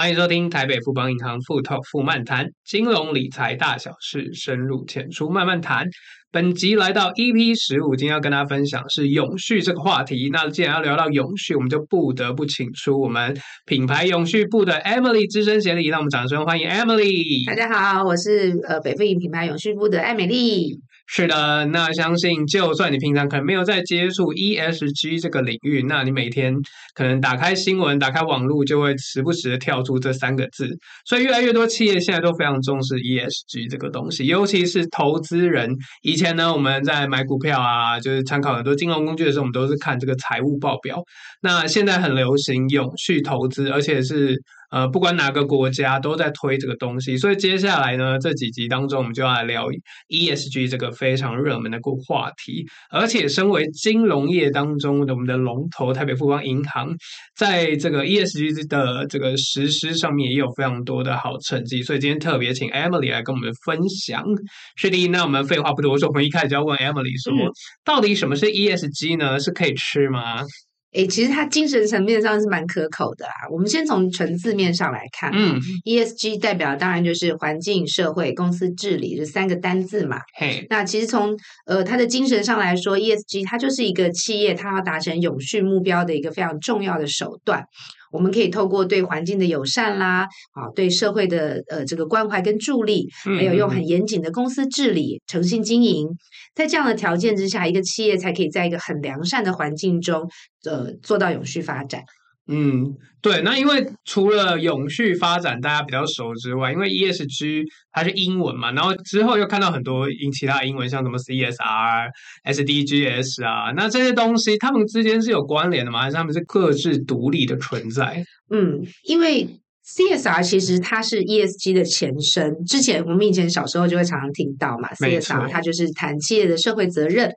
歡迎收聽台北富邦銀行富透富漫談，金融理財大小事，深入淺出慢慢談。本集來到 EP 十五，今天要跟大家分享是永續這個話題。那既然要聊到永續，我們就不得不請出我們品牌永續部的 Emily 資深協理，讓我們掌聲歡迎 Emily。大家好，我是呃北富銀品牌永續部的艾美麗。是的，那相信就算你平常可能沒有在接觸 ESG 這個領域，那你每天可能打開新聞、打開網絡，就會時不時的跳出這三個字。所以越來越多企業現在都非常重視 ESG 這個東西，尤其是投資人。以前呢，我們在買股票啊，就是參考很多金融工具的時候，我們都是看這個財務報表。那現在很流行永續投資，而且是。呃，不管哪個國家都在推這個東西，所以接下來呢，這幾集當中，我們就要來聊 ESG 這個非常熱門的話題。而且，身為金融業當中的我們的龍頭台北富邦銀行，在這個 ESG 的這個實施上面也有非常多的好成績，所以今天特別請 Emily 來跟我們分享。是的，那我們廢話不多說，我們一開始就要問 Emily，說、嗯、到底什麼是 ESG 呢？是可以吃嗎？哎、欸，其實他精神層面上是蠻可口的啊。我們先從純字面上來看，啊，嗯，ESG 代表當然就是環境、社會、公司治理這三個單字嘛。嘿，那其實從呃他的精神上來說，ESG 它就是一個企業它要達成永續目標的一個非常重要的手段。我們可以透過對環境的友善啦，啊，對社會的呃這個關懷跟助力，還有用很嚴謹的公司治理、誠信經營，在這樣的條件之下，一個企業才可以在一個很良善的環境中，呃，做到永續發展。嗯，對，那因為除了永續發展大家比較熟之外，因為 E S G 它是英文嘛，然後之後又看到很多英，其他英文，像什麼 C S R、S D G S 啊，那這些東西它們之間是有關聯的嗎？還是它們是各自獨立的存在？嗯，因為 C S R 其實它是 E S G 的前身，之前我們以前小時候就會常常聽到嘛，沒錯。C S R 它就是談企業的社會責任。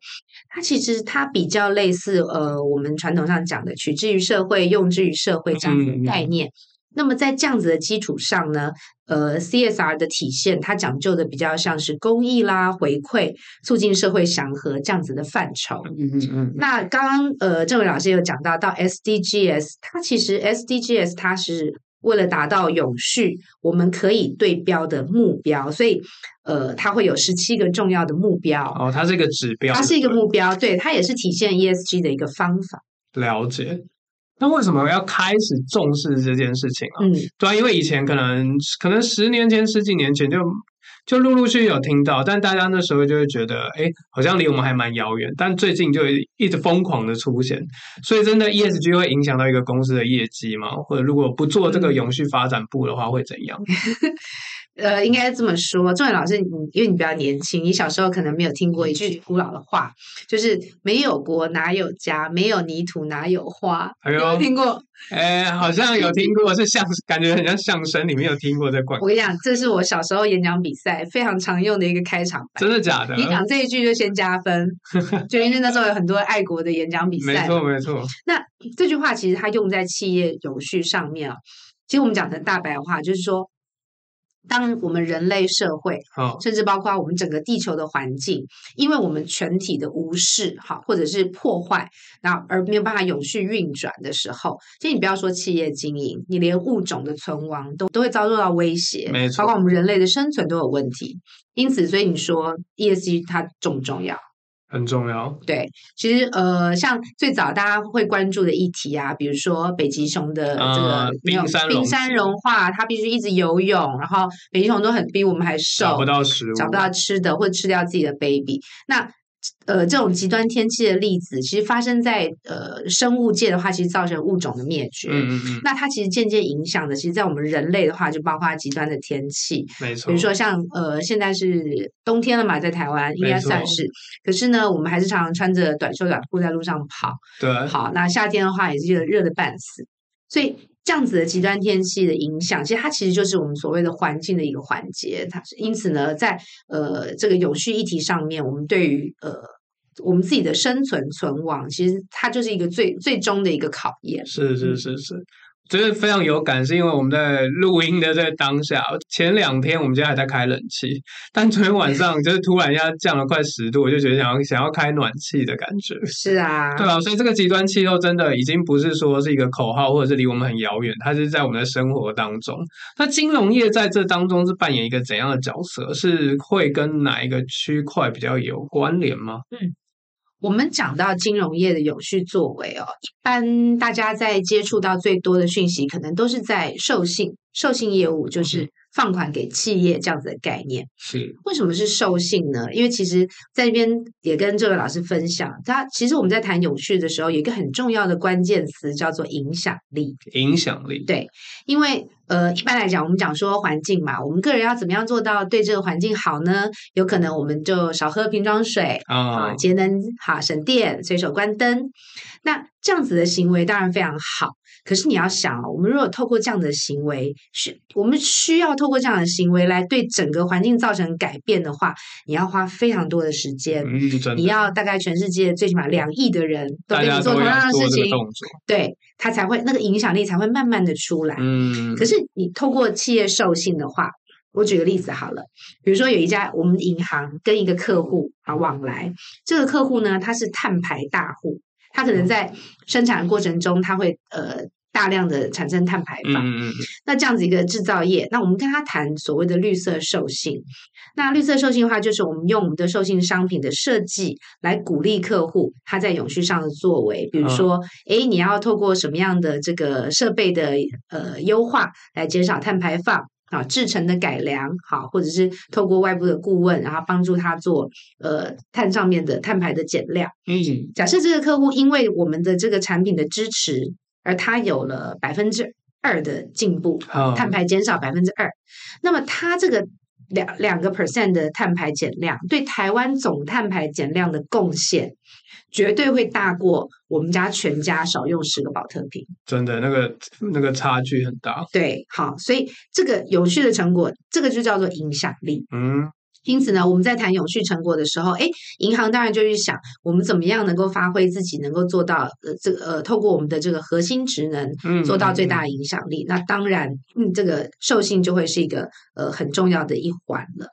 它其實它比較類似，呃，我們傳統上講的“取之於社會，用之於社會”這樣的概念。 那麼在這樣子的基礎上呢，呃，CSR 的體現，它講究的比較像是公益啦、回饋、促進社會祥和這樣子的範疇。嗯嗯嗯。 那剛剛呃，鄭偉老師有講到到 SDGs，它其實 SDGs 它是。為了達到永續，我們可以對標的目標，所以呃，它會有十七個重要的目標。哦，它是一個指標，它是一個目標，對，它也是體現 ESG 的一個方法。了解，那為什麼要開始重視這件事情啊？嗯，對啊，因為以前可能對可能十年前、十幾年前就。就陸陸續續有聽到，但大家那時候就會覺得，誒、欸、好像離我們還蠻遙遠。但最近就一直瘋狂的出現，所以真的 ESG 會影響到一個公司的業績嗎？或者如果不做這個永續發展部的話，會怎樣？ 呃，應該這麼說，中文老師你，你因為你比較年輕，你小時候可能沒有聽過一句古老的話，就是“沒有國哪有家，沒有泥土哪有花。哎呦”有沒有聽過？哎，好像有聽過，是相感覺很像相聲。你沒有聽過這段？我跟你講，這是我小時候演講比賽非常常用的一個開場白，真的假的？你講這一句就先加分， 就因為那時候有很多愛國的演講比賽。沒錯，沒錯。那這句話其實它用在企業永續上面啊、喔，其實我們講成大白話就是說。當我們人類社會，oh. 甚至包括我們整個地球的環境，因為我們全體的無視，哈，或者是破壞，那而沒有辦法永續運轉的時候，其實你不要說企業經營，你連物種的存亡都都會遭受到威脅，沒錯，包括我們人類的生存都有問題。因此，所以你說 ESG 它重不重要？很重要，對，其實呃，像最早大家會關注的議題啊，比如說北極熊的這個冰山、呃、沒有、冰山融化，它必須一直游泳，然後北極熊都很比我們還瘦，找不到食物，找不到吃的，會吃掉自己的 baby。那呃，這種極端天氣的例子，其實發生在呃生物界的話，其實造成物種的滅絕。嗯嗯。那它其實漸漸影響的，其實，在我們人類的話，就包括極端的天氣。沒錯。比如說像呃，現在是冬天了嘛，在台灣應該算是。沒錯。可是呢，我們還是常常穿着短袖短褲在路上跑。對。好，那夏天的話也是覺得熱的半死，所以。這樣子的極端天氣的影響，其實它其實就是我們所謂的環境的一個環節。它因此呢，在呃這個有序議題上面，我們對於呃我們自己的生存存亡，其實它就是一個最最終的一個考驗。是，是是是是。就是非常有感，是因為我們在錄音的這個當下，前兩天我們家還在開冷氣，但昨天晚上就是突然一下降了快十度， 我就覺得想要想要開暖氣的感覺。是啊，對啊，所以這個極端氣候真的已經不是說是一個口號，或者是離我們很遙遠，它是在我們的生活當中。那金融業在這當中是扮演一個怎樣的角色？是會跟哪一個區塊比較有關聯嗎？嗯。我們講到金融業的永續作為哦，一般大家在接觸到最多的訊息，可能都是在授信，授信業務就是。放款給企業這樣子的概念，是為什麼是授信呢？因為其實，在那邊也跟這位老師分享，他其實我們在談永續的時候，有一個很重要的關鍵詞叫做影響力。影響力對，因為呃，一般來講，我們講說環境嘛，我們個人要怎麼樣做到對這個環境好呢？有可能我們就少喝瓶裝水啊，哦、節能哈，省電，隨手關燈。那這樣子的行為當然非常好，可是你要想，哦、我們如果透過這樣子的行為，需我們需要透過這樣的行為來對整個環境造成改變的話，你要花非常多的時間，嗯、你要大概全世界最起碼兩億的人都跟你做同樣的事情，對，他才會那個影響力才會慢慢的出來。嗯、可是你透過企業授信的話，我舉個例子好了，比如說有一家我們銀行跟一個客戶啊往來，這個客戶呢他是碳排大戶。它可能在生產的過程中，它會呃大量的產生碳排放。嗯嗯、那這樣子一個製造業，那我們跟他談所謂的綠色授信。那綠色授信的話，就是我們用我們的授信商品的設計來鼓勵客戶他在永續上的作為，比如說，誒、嗯欸，你要透過什麼樣的這個設備的呃優化來減少碳排放。啊，製程的改良好，或者是透過外部的顧問，然後幫助他做呃碳上面的碳排的減量。嗯，假設這個客戶因為我們的這個產品的支持，而他有了百分之二的進步，嗯、碳排減少百分之二，那麼他這個。兩兩個 percent 的碳排減量，對台灣總碳排減量的貢獻，絕對會大過我們家全家少用十個保特瓶。真的，那個那個差距很大。對，好，所以這個有趣的成果，這個就叫做影響力。嗯。因此呢，我們在談永續成果的時候，哎，銀行當然就去想，我們怎麼樣能夠發揮自己，能夠做到呃，這個呃，透過我們的這個核心職能，做到最大的影響力。嗯嗯、那當然，嗯，這個授信就會是一個呃很重要的一環了。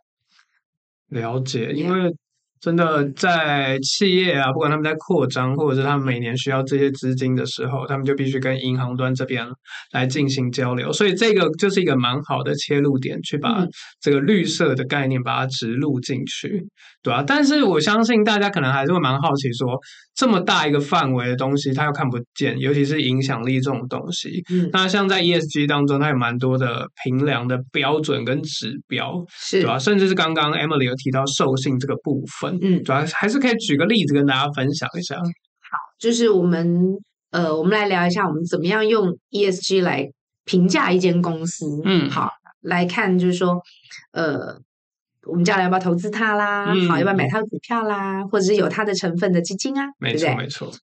了解，Yeah. 因為。真的在企業啊，不管他們在擴張，或者是他們每年需要這些資金的時候，他們就必須跟銀行端這邊來進行交流。所以這個就是一個蠻好的切入點，去把這個綠色的概念把它植入進去，對啊？但是我相信大家可能還是會蠻好奇說。這麼大一個範圍的東西，他又看不見，尤其是影響力這種東西。嗯，那像在 ESG 當中，它有蠻多的評量的標準跟指標，是吧？甚至是剛剛 Emily 有提到授信這個部分，嗯，主要還是可以舉個例子跟大家分享一下。好，就是我們呃，我們來聊一下我們怎麼樣用 ESG 來評價一間公司。嗯，好，來看就是說呃。我們將來要不要投資它啦？嗯、好，要不要買它的股票啦？嗯、或者是有它的成分的基金啊？沒錯，對不對？沒錯。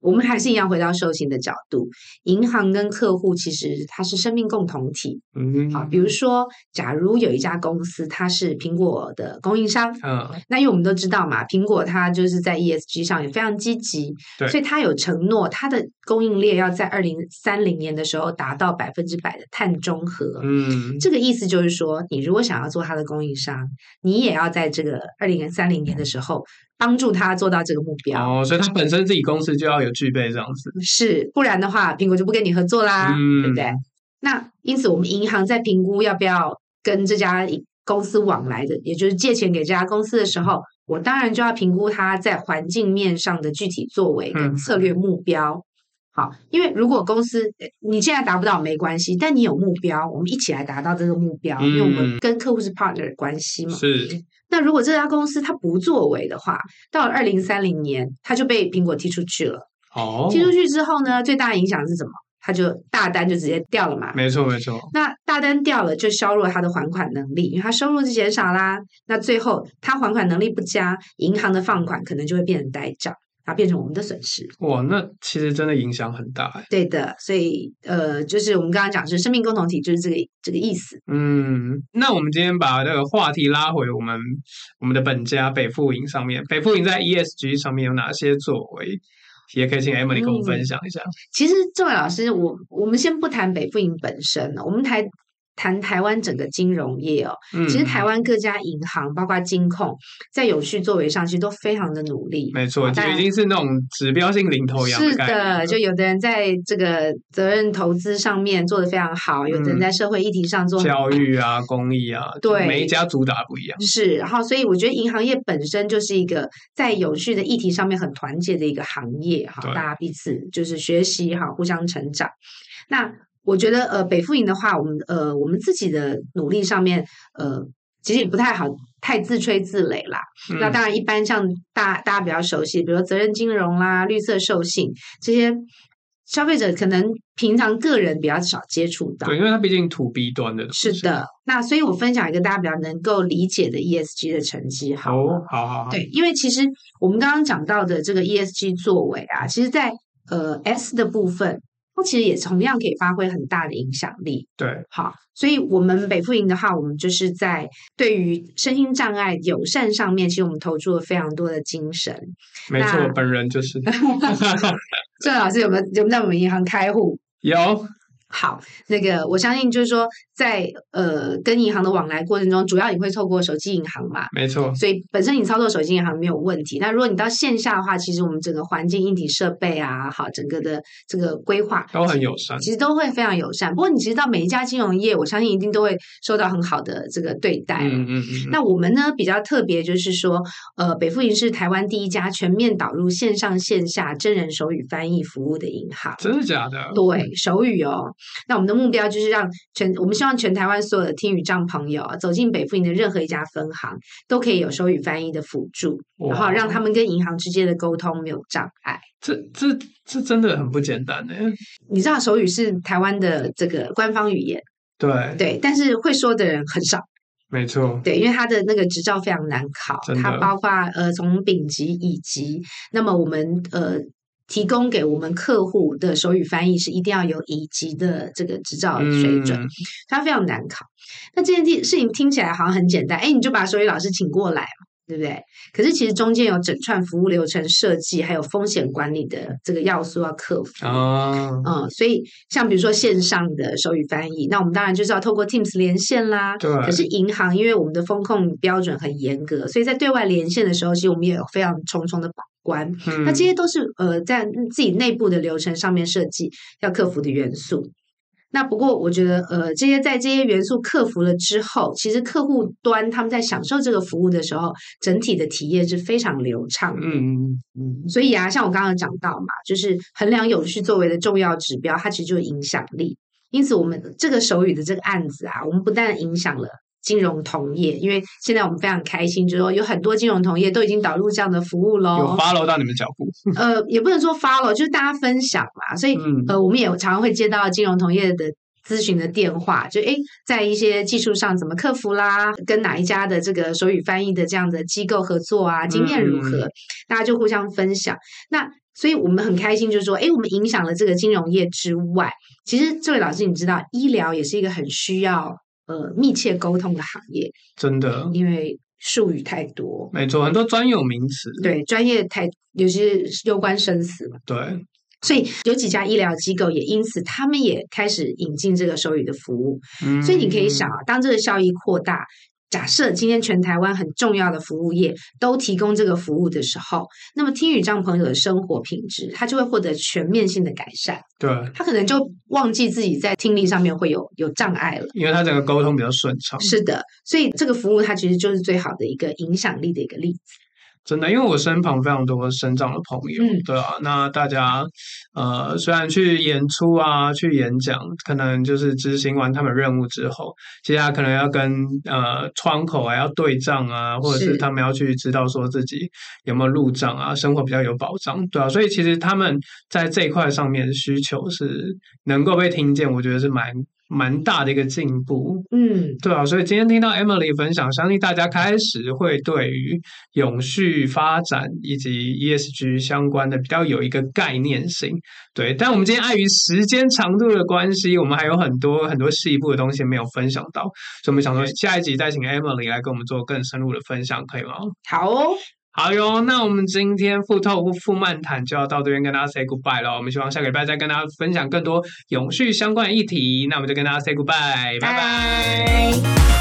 我們還是一樣回到壽險的角度，銀行跟客戶其實它是生命共同體。嗯，好，比如說，假如有一家公司它是蘋果的供應商，嗯，那因為我們都知道嘛，蘋果它就是在 ESG 上也非常積極，對，所以它有承諾它的。供應鏈要在二零三零年的時候達到百分之百的碳中和。嗯，這個意思就是說，你如果想要做它的供應商，你也要在這個二零三零年的時候幫助他做到這個目標。哦，所以他本身自己公司就要有具備這樣子，是，不然的話，蘋果就不跟你合作啦，嗯、對不對？那因此，我們銀行在評估要不要跟這家公司往來的，也就是借錢給這家公司的時候，我當然就要評估它在環境面上的具體作為跟策略目標。嗯好，因為如果公司你現在達不到沒關係，但你有目標，我們一起來達到這個目標。嗯、因為我們跟客戶是 partner 關係嘛。是。那如果這家公司它不作為的話，到了二零三零年，它就被蘋果踢出去了。哦。踢出去之後呢，哦、最大的影響是什麼？它就大單就直接掉了嘛。沒錯沒錯。沒錯，那大單掉了，就削弱它的還款能力，因為它收入就減少啦。那最後它還款能力不佳，銀行的放款可能就會變成呆賬。它變成我們的損失。哇，那其實真的影響很大耶。對的，所以呃，就是我們剛剛講的是生命共同體，就是這個這個意思。嗯，那我們今天把這個話題拉回我們我們的本家北富銀上面，北富銀在 ESG 上面有哪些作為？嗯、也可以請 Emily 跟我們分享一下。嗯、其實，這位老師，我我們先不談北富銀本身了，我們談。談台灣整個金融業哦，嗯、其實台灣各家銀行，包括金控，在有序作為上，其實都非常的努力。沒錯，就已經是那種指標性領頭羊。是的，就有的人在這個責任投資上面做得非常好，嗯、有的人在社會議題上做教育啊、公益啊，對，每一家主打不一樣。是，然後所以我覺得銀行業本身就是一個在有序的議題上面很團結的一個行業。哈，對大家彼此就是學習好，互相成長。那。我覺得呃，北富銀的話，我們呃，我們自己的努力上面，呃，其實也不太好，太自吹自擂啦。嗯、那當然，一般像大家大家比較熟悉，比如說責任金融啦、綠色授信這些，消費者可能平常個人比較少接觸到。對，因為它畢竟 to B 端的。是的。那所以，我分享一個大家比較能夠理解的 ESG 的成績。好，oh, 好，好，好，好，好。對，因為其實我們剛剛講到的這個 ESG 作為啊，其實在呃 S 的部分。它其實也同樣可以發揮很大的影響力。對，好，所以我們北富銀的話，我們就是在對於身心障礙友善上面，其實我們投注了非常多的精神。沒錯，那我本人就是。鄭 老師有沒有,有沒有在我們銀行開戶？有。好，那個我相信就是說。在呃，、跟銀行的往來過程中，主要你會透過手機銀行嘛？沒錯。所以本身你操作手機銀行沒有問題。那如果你到線下的話，其實我們整個環境、硬體設備啊，好，整個的這個規劃都很友善，其，其實都會非常友善。不過你其實到每一家金融業，我相信一定都會受到很好的這個對待。嗯嗯嗯。那我們呢比較特別，就是說，呃，北富銀是台灣第一家全面導入線上線下真人手語翻譯服務的銀行。真的假的？對，手語哦。那我們的目標就是讓全我們。讓全台灣所有的聽語障朋友、啊、走進北富銀的任何一家分行，都可以有手語翻譯的輔助，哇然後讓他們跟銀行之間的溝通沒有障礙。這這這真的很不簡單呢。你知道手語是台灣的這個官方語言，對對，但是會說的人很少，沒錯，對，因為他的那個執照非常難考，他的包括呃從丙級乙級，那麼我們呃。提供給我們客戶的手語翻譯是一定要有乙級的這個執照水準，嗯、它非常難考。那這件事事情聽起來好像很簡單，哎，你就把手語老師請過來嘛對不對？可是其實中間有整串服務流程設計，還有風險管理的這個要素要克服啊。Oh. 嗯，所以像比如說線上的手語翻譯，那我們當然就是要透過 Teams 連線啦。對可是銀行因為我們的風控標準很嚴格，所以在對外連線的時候，其實我們也有非常重重的把關。那這些都是呃在自己內部的流程上面設計要克服的元素。那不過，我覺得，呃，這些在這些元素克服了之後，其實客戶端他們在享受這個服務的時候，整體的體驗是非常流暢的。嗯嗯嗯，所以啊，像我剛剛講到嘛，就是衡量永續作為的重要指標，它其實就是影響力。因此，我們這個手語的這個案子啊，我們不但影響了。金融同業，因為現在我們非常開心，就說有很多金融同業都已經導入這樣的服務嘍。有 follow 到你們腳步？ 呃，也不能說 follow，就是大家分享嘛。所以、嗯、呃，我們也常常會接到金融同業的諮詢的電話，就誒在一些技術上怎麼克服啦？跟哪一家的這個手語翻譯的這樣的機構合作啊？經驗如何？嗯嗯，大家就互相分享。那所以我們很開心，就說誒我們影響了這個金融業之外，其實這位老師，你知道，醫療也是一個很需要。呃，密切溝通的行業，真的，嗯、因為術語太多，沒錯，很多專有名詞，對，專業太，尤其是攸關生死嘛，對，所以有幾家醫療機構也因此，他們也開始引進這個手語的服務，嗯嗯，所以你可以想啊，當這個效益擴大。假設今天全台灣很重要的服務業都提供這個服務的時候，那麼聽語障朋友的生活品質，他就會獲得全面性的改善。對，他可能就忘記自己在聽力上面會有有障礙了，因為他整個溝通比較順暢。是的，所以這個服務它其實就是最好的一個影響力的一個例子。真的，因為我身旁非常多生長的朋友，對啊，那大家呃，雖然去演出啊、去演講，可能就是執行完他們任務之後，接下來可能要跟呃窗口還、啊、要對賬啊，或者是他們要去知道說自己有沒有入賬啊，是生活比較有保障，對啊，所以其實他們在這一塊上面的需求是能夠被聽見，我覺得是蠻。蠻大的一個進步，嗯，對啊，所以今天聽到 Emily 分享，相信大家開始會對於永續發展以及 ESG 相關的比較有一個概念性。對，但我們今天礙於時間長度的關係，我們還有很多很多細部的東西沒有分享到，所以我們想說下一集再請 Emily 來跟我們做更深入的分享，可以嗎？好哦。好喲，那我們今天富透或富漫談就要到這邊跟大家 say goodbye 了。我們希望下個禮拜再跟大家分享更多永續相關的議題。那我們就跟大家 say goodbye，拜拜。拜拜。